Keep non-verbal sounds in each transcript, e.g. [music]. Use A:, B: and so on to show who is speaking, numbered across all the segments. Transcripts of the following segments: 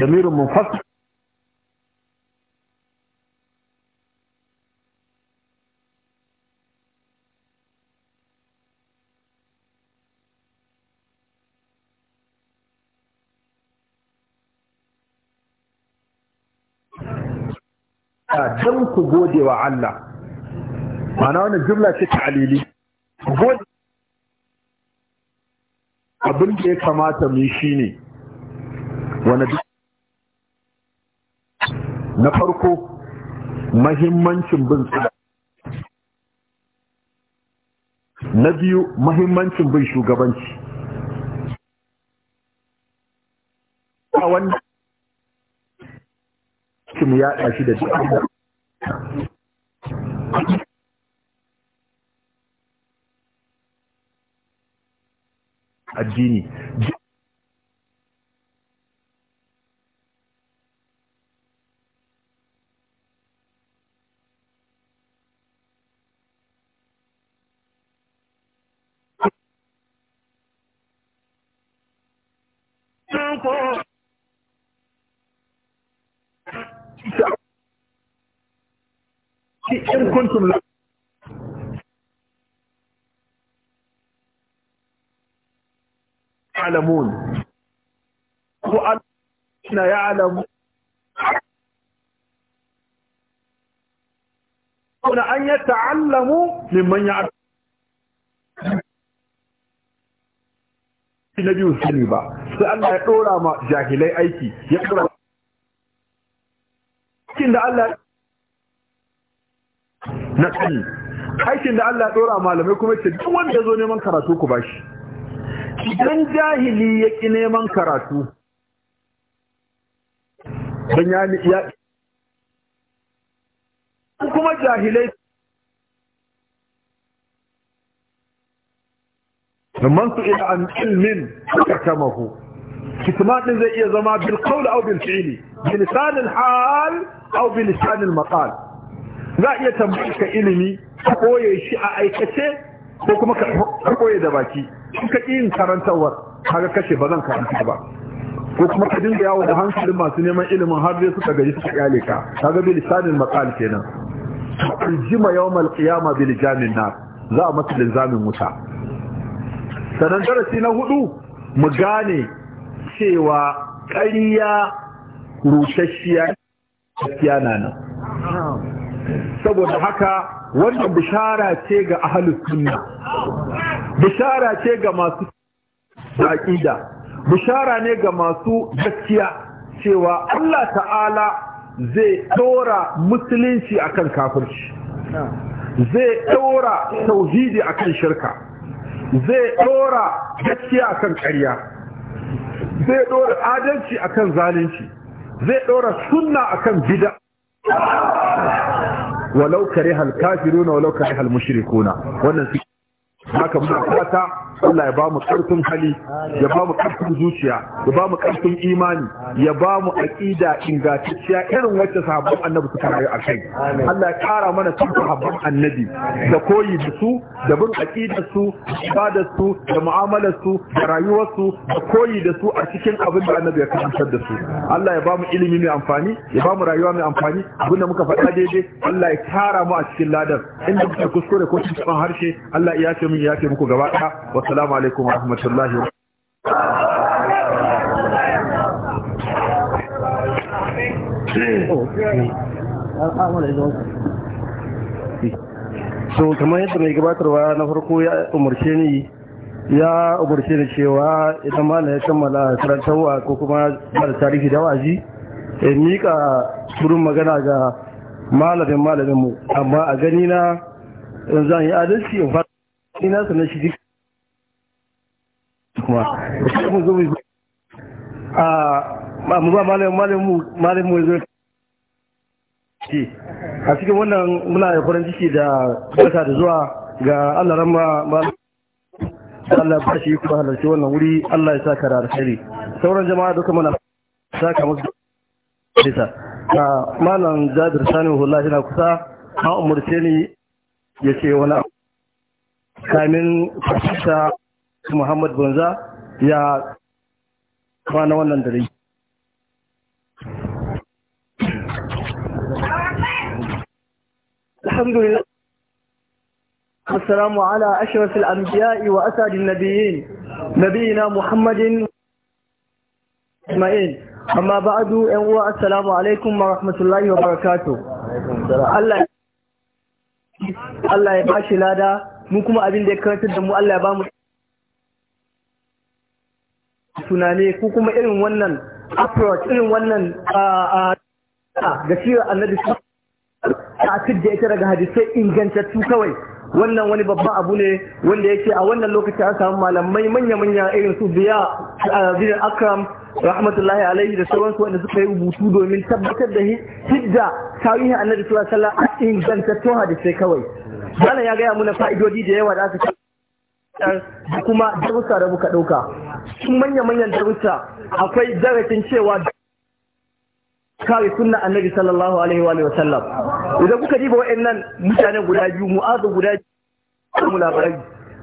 A: ضمير منفصل ah, ku gode wa Allah mana wani jumla ce ta gode abin da ya kamata mu shi ne wani na farko mahimmancin bin tsada na biyu mahimmancin bin shugabanci a wanda mu yaɗa shi da duk addini in kuntum la alamun ko na ya alamu kuna an ya ta'allamu mimman ya na biyu sani ba sai Allah ya ɗora ma jahilai aiki ya dora cikin da Allah na sani aikin da Allah dora malamai kuma ce duk wanda ya zo neman karatu ku bashi idan jahili ya ki neman karatu dan ya ya kuma jahilai man su ila an ilmin katamahu kitman din zai iya zama bil qawl aw bil fi'li bi lisan al hal aw bi lisan za a iya tambayi ka ilimi ka koye shi a aikace ko kuma ka koye da baki in ka yin karantarwar kaga kashe ba zan karanta ba ko kuma ka dinga yawo da hankalin masu neman ilimin har sai suka gaji suka kyale ka kaga bil lisanin maqal kenan aljima yawmal qiyama bil jamin nar za a masa linzamin wuta sanan darasi na hudu mu gane cewa ƙarya rusasshiya gaskiya na nan saboda haka wannan bishara ce ga ahlus sunna bishara ce ga masu aqida bishara ne ga masu gaskiya cewa Allah ta'ala zai dora musulunci akan kafirci zai dora tauhidi akan shirka zai dora gaskiya akan ƙarya zai dora adalci akan zalunci zai dora sunna akan bid'a walau karihal kafiruna walau karihal mushrikuna wannan haka muna fata Allah ya ba mu karfin hali ya ba mu ƙarfin zuciya ya ba mu karfin imani ya ba mu aqida ingantacciya irin wacce sahabban annabi suka rayu a kai Allah ya kara mana kan sahabban annabi da koyi da su da bin aqidar su ibadar su da mu'amalar su da rayuwar su da koyi da su a cikin abin da annabi ya karantar da su Allah ya ba mu ilimi mai amfani ya ba mu rayuwa mai amfani abin da muka faɗa daidai Allah ya kara mu a cikin ladar inda muka kuskure ko cikin harshe Allah ya ce min ya ce muku gaba ɗaya السلام عليكم ورحمة الله
B: wa so kamar yadda mai gabatarwa na farko ya umarce ni ya umarce ni cewa idan ma na ya kammala karantarwa ko kuma mara tarihi da wazi ya mika turin magana ga malamin malamin mu amma a gani na zan yi adalci in fara ina sanar shi kuma a cikin wannan muna da farin ciki da barka da zuwa ga Allah ramma Allah ya bashi kuma halarci wannan wuri Allah ya saka da alkhairi sauran jama'a duka mana saka musu bisa a malam Jabir Sani wallahi na kusa an umurce ni ya ce wani kamin fasita Muhammad Banza ya kwana wannan dare. Alhamdulillah. Assalamu ala ashirafil anbiya'i wa asadin nabiyyin nabiyina Muhammadin Ismail. Amma ba'adu ‘yan uwa, Assalamu alaikum wa rahmatullahi wa barakatu. Allah ya bashi lada, mu kuma abin da ya karantar da mu Allah ya ba mu tunane ko kuma irin wannan approach irin wannan ga shirar annabi a da ita daga hadisai ingantattu kawai wannan wani babban abu ne wanda yake a wannan lokacin an samu malamai manya-manya irin su biya al'azizin akram rahmatullahi alaihi da sauransu wanda suka yi rubutu domin tabbatar da hidda tarihin annabi sallallahu alaihi wasallam a ingantattun hadisai kawai malam ya gaya muna fa'idodi da yawa da aka da kuma darussa da muka ɗauka cikin manya-manyan darussa akwai darasin cewa kare sunna annabi sallallahu alaihi wa sallam idan kuka diba wayannan mutane guda biyu mu'azu guda biyu mu labarai.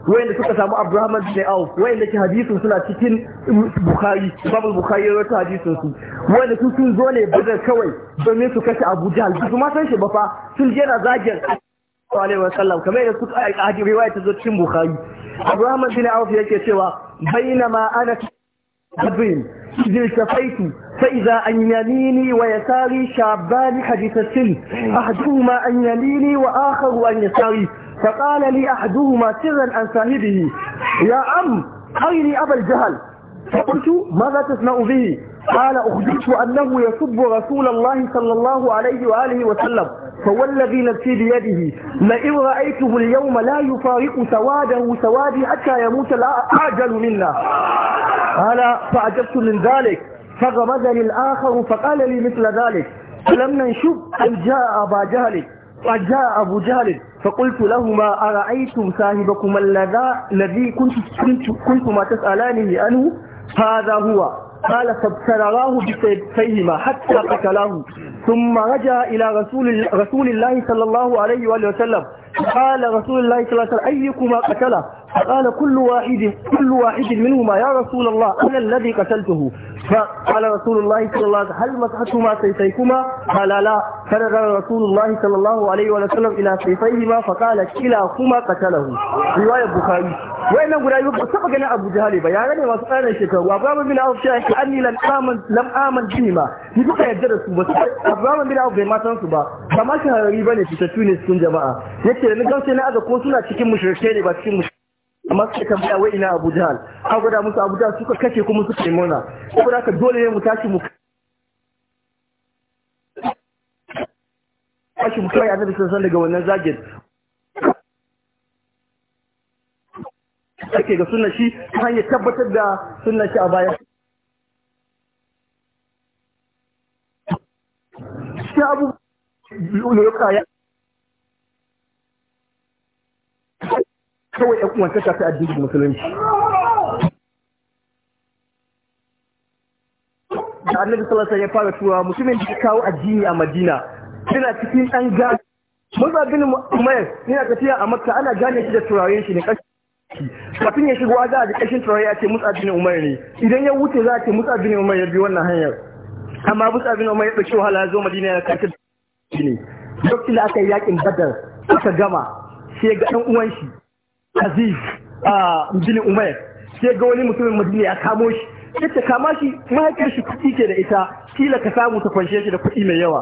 B: wayanda suka samu Abraham bin Auf wayanda ke hadisin suna cikin Bukhari babu Bukhari ya rawaita hadisin su wayanda su sun zo ne bada kawai domin su kashe Abu Jahl su ma san shi ba fa sun je na zagin alaihi wa sallam kamar yadda suka a riwaya ta zo cikin Bukhari Abraham bin Auf yake cewa بينما أنا عظيم إذ التفيت فإذا أن يميني ويساري شابان حديث السن أحدهما أن يميني وآخر أن يساري فقال لي أحدهما سرا عن صاحبه يا عم أرني أبا الجهل فقلت ماذا تسمع به قال أخبرت أنه يسب رسول الله صلى الله عليه وآله وسلم فوالذي نفسي بيده لئن رأيته اليوم لا يفارق سواده سوادي حتى يموت الأعجل منا قال فعجبت من ذلك فغمزني الآخر فقال لي مثل ذلك فلم ننشب أن جاء أبا جهل وجاء أبو جهل فقلت لهما أرأيتم صاحبكم الذي كنت, كنت, كنت ما تسألانه عنه هذا هو قال فابتلاه بسيفيهما حتى قتلاه ثم رجع إلى رسول, رسول الله صلى الله عليه وآله وسلم قال رسول الله صلى الله عليه وسلم أيكما قتله فقال كل واحد, كل واحد منهما يا رسول الله أنا الذي قتلته فقال رسول الله صلى الله عليه وسلم هل مسحتما سيفيكما قال لا فنظر رسول الله صلى الله عليه وسلم الى سيفيهما فقال كلاهما قتله روايه البخاري وين غدا يبقى سبق انا ابو جهل بيان ne masu tsarin shekaru abraham bin auf ce anni lam aman lam aman ni duka yadda da su ba abraham bin auf bai ma san su ba shi harari bane fitattu ne cikin jama'a yace ni na aza ko suna cikin mushrike ba cikin masu suka tambaya wai ina Abu Jahal aka gwada musu Abu Jahal suka kace kuma suka yi murna saboda haka dole ne mu tashi mu tashi mu kai annabi san daga wannan zagin ake ga sunna shi ta hanyar tabbatar da sunna shi a baya
A: shi abu lokaya
B: kawai yan uwanta ta addinin musulunci da annabi sallallahu alaihi ya fara tura mutumin da ya kawo addini a Madina Yana cikin dan gado Musa bin Umar yana tafiya a Makka ana gane shi da turaren shi ne kafin ya shigo za a ji kashin turare ya ce Musa bin Umar ne idan ya wuce za a ce Musa bin Umar ya bi wannan hanyar amma Musa bin Umar ya ɗauki wahala ya zo Madina ya shi ne lokacin da aka yi yakin Badar aka gama sai ga ɗan uwan shi aziz a bin umar sai ga wani mutumin madina ya kamo shi sai ta kama shi mahaifiyar shi kuɗi ke da ita kila ka samu ta kwanshe shi da kuɗi mai yawa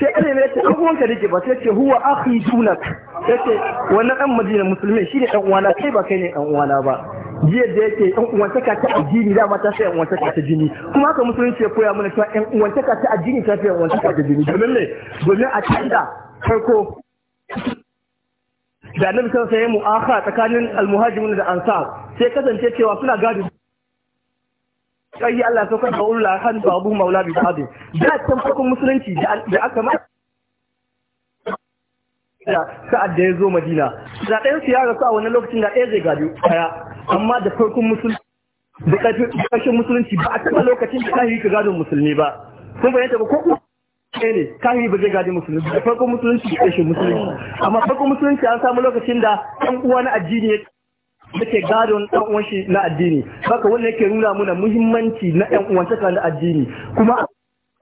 B: sai ɗan ne ta ɗan ka rike ba sai ce huwa akhi dunak yace wannan ɗan madina musulmi shine ɗan uwana kai ba kai ne ɗan uwana ba jiya da yake ɗan uwantaka ta addini ma ta sai ɗan uwantaka ta jini kuma haka musulunci ya koya mana cewa ɗan uwantaka ta addini ta sai ɗan uwantaka ta jini domin ne domin a cikin farko da annabi kansa ya mu'aka tsakanin almuhajimin da ansar sai kasance cewa suna gadi kai Allah ya saukar da ulul arham babu abu maula bi ba'd da can farkon musulunci da aka ma sa'ad da ya zo Madina da ɗayan su ya rasu a wannan lokacin da ɗaya zai gadi kaya amma da farkon musulunci da ƙarshen musulunci ba a taɓa lokacin da yi ka gadon musulmi ba kun fahimta ba ko ɗaya ne kafiri ba zai gadi musulunci da farko musulunci da ƙarshen musulunci amma farko musulunci an samu lokacin da ɗan uwa na addini ya yake gadon ɗan uwan na addini haka wannan yake nuna muna muhimmanci na ɗan uwantaka na addini kuma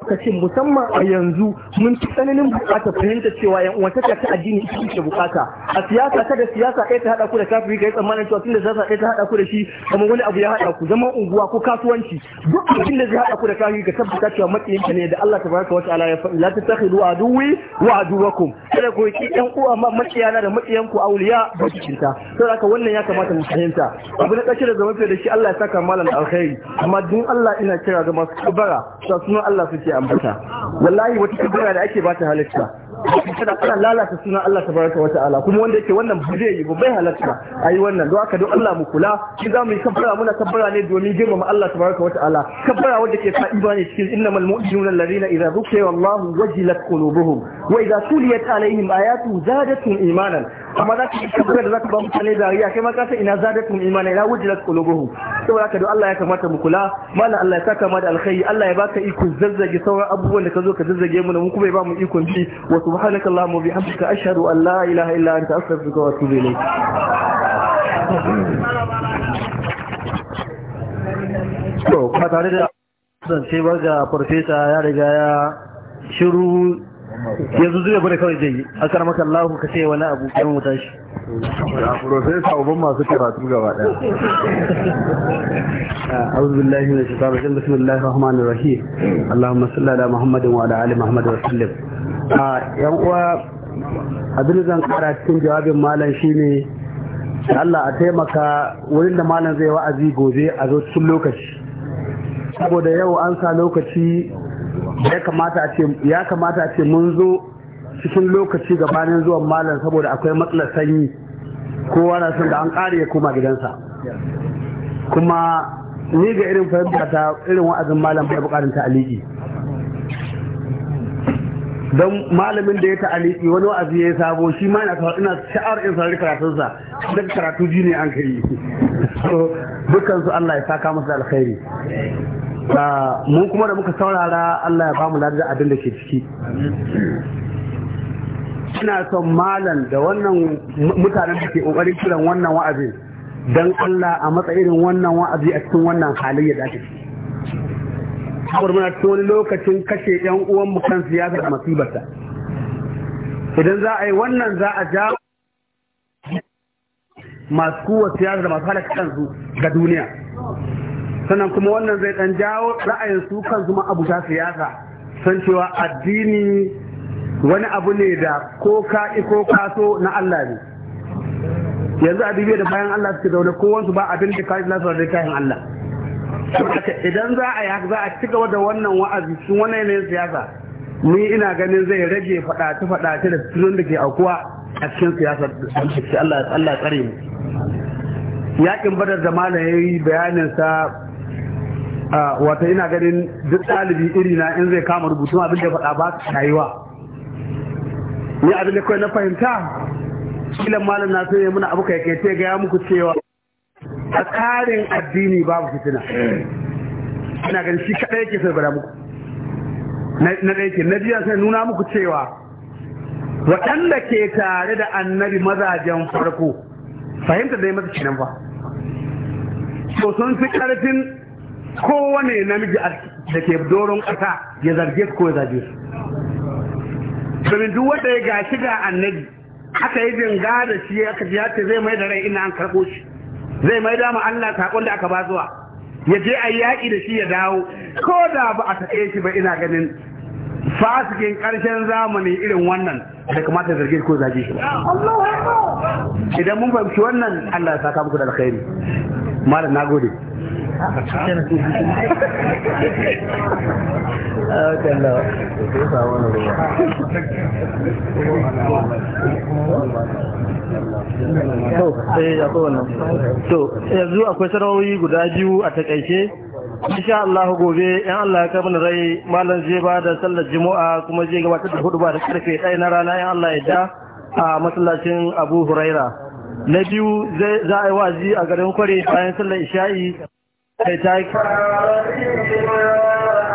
B: suka ce musamman a yanzu mun ci tsananin bukata fahimta cewa yan uwa ta addini ita ce bukata a siyasa kada siyasa ɗaya ta haɗa ku da kafiri kai tsammanin cewa tunda siyasa ɗaya ta haɗa ku da shi kamar wani abu ya haɗa ku zaman unguwa ko kasuwanci duk abin da zai haɗa ku da kafiri ka tabbata cewa matsayin ka ne da Allah tabaraka wa ta'ala ya faɗi la tattakhidu aduwwi wa ku. kada ku ki ƴan uwa ma na da makiyan ku auliya ba ki cinta saboda haka wannan ya kamata mu fahimta abu na ƙarshe da fiye da shi Allah ya saka malam alkhairi amma duk Allah ina kira ga masu kabara sa sunan Allah su ce ambata wallahi wata kabira da ake bata halitta kada ana lalata suna Allah tabaraka wa ta'ala kuma wanda yake wannan ba zai yi ba bai halatta ayi wannan don haka don Allah mu kula shi zamu yi kabbara muna kabbara ne domin girmama Allah tabaraka wa ta'ala kabbara wanda ke sa imani cikin innamal mu'minuna alladhina idza dhukira Allahu wajilat qulubuhum wa idza tuliyat alaihim ayatu zadatuhum imanan amma za ka yi kaburar da za ka ba mutane dariya kai ma ka san ina zadatun imana ina wujilat qulubuhum saboda ka don Allah ya kamata mu kula mana Allah ya sa kama da alkhairi Allah ya baka ikon zazzage sauran abubuwan da ka zo ka zazzage mu mu kuma ya ba mu ikon bi wa subhanaka allahumma bihamdika ashhadu an la ilaha illa anta astaghfiruka wa atubu ilayk to ba tare da zance ba ga farfesa ya riga ya shiru yanzu zai bude kawai zai yi a karamaka Allah ka ce wani abu kan wuta tashi a profesa uban masu karatu gaba daya [laughs] a'udhu billahi minash shaitanir rajim bismillahir rahim allahumma salli ala muhammadin wa da ali muhammad wa sallim a yan uwa abin zan kara cikin jawabin malam shine Allah a taimaka wurin da malam zai wa'azi gobe a zo cikin lokaci saboda yau an sa lokaci ya kamata a ce mun zo cikin lokaci gabanin zuwan malam saboda akwai matsalar sanyi kowa na son da an ƙare ya koma gidansa kuma ni ga irin fahimta ta irin wa'azin malam bai buƙatar ta'aliki don malamin da ya ta'aliki wani wa'azi ya sabo shi ma ina sha'ar in sarari karatunsa daga karatu ji ne an kai [laughs] dukkan dukansu Allah ya saka musu alkhairi mu kuma da muka saurara Allah ya ba mu ladar abin da ke ciki ina son malam da wannan mutanen da ke kokarin kiran wannan wa'azi, dan Allah a matsayin wannan wa'azi a cikin wannan halayya da ake saboda muna cikin wani lokacin kashe yan uwan mu kan siyasa da masibarta idan za a yi wannan za a ja masu kuwa siyasa da masu halaka kansu ga duniya sannan kuma wannan zai dan jawo ra'ayin su kan zuma abuta siyasa san cewa addini wani abu ne da ko ka ko kaso na Allah ne yanzu a dubiya da bayan Allah suke zaune kowansu ba abin da kai lafiya da kai Allah idan za a yi za a ci gaba da wannan wa'azi su wannan ne siyasa ni ina ganin zai rage faɗace faɗace da cikin da ke aukuwa a cikin siyasar da Allah Allah tsare mu yakin badar da malam bayanin sa Ah, wata ina ganin duk ɗalibi iri na in zai kama rubutun abin da faɗa ba su rayuwa ni abin da kawai na fahimta kilan malam na so ya muna abu kai kai ce gaya muku cewa a tsarin addini babu fitina ina ganin shi kaɗai yake sai bara muku na ɗaya ke na jiya sai nuna muku cewa waɗanda ke tare da annabi mazajen farko fahimta dai masa kenan ba to sun fi ƙarfin kowane namiji da ke doron ƙasa ya zarge ko ya zarge su domin duk wanda ya gashi ga annabi aka yi jinga da shi aka ji zai mai da rai ina an karɓo shi zai mai da Allah sakon da aka ba zuwa ya je a yaƙi da shi ya dawo ko da ba a taɓe shi ba ina ganin fasikin ƙarshen zamani irin wannan da kamata zarge ko zage shi idan mun fahimci wannan Allah ya saka muku da alkhairi malam na gode. to yanzu akwai sarawoyi guda biyu a takaice insha Allah gobe yan Allah ya kamar rai malam zai ba da sallar jimu'a kuma zai gabatar da hudu ba da karfe ɗaya na rana yan Allah ya da a masallacin Abu Huraira na biyu za a yi wazi a garin kware bayan sallar isha'i kai ta
A: yi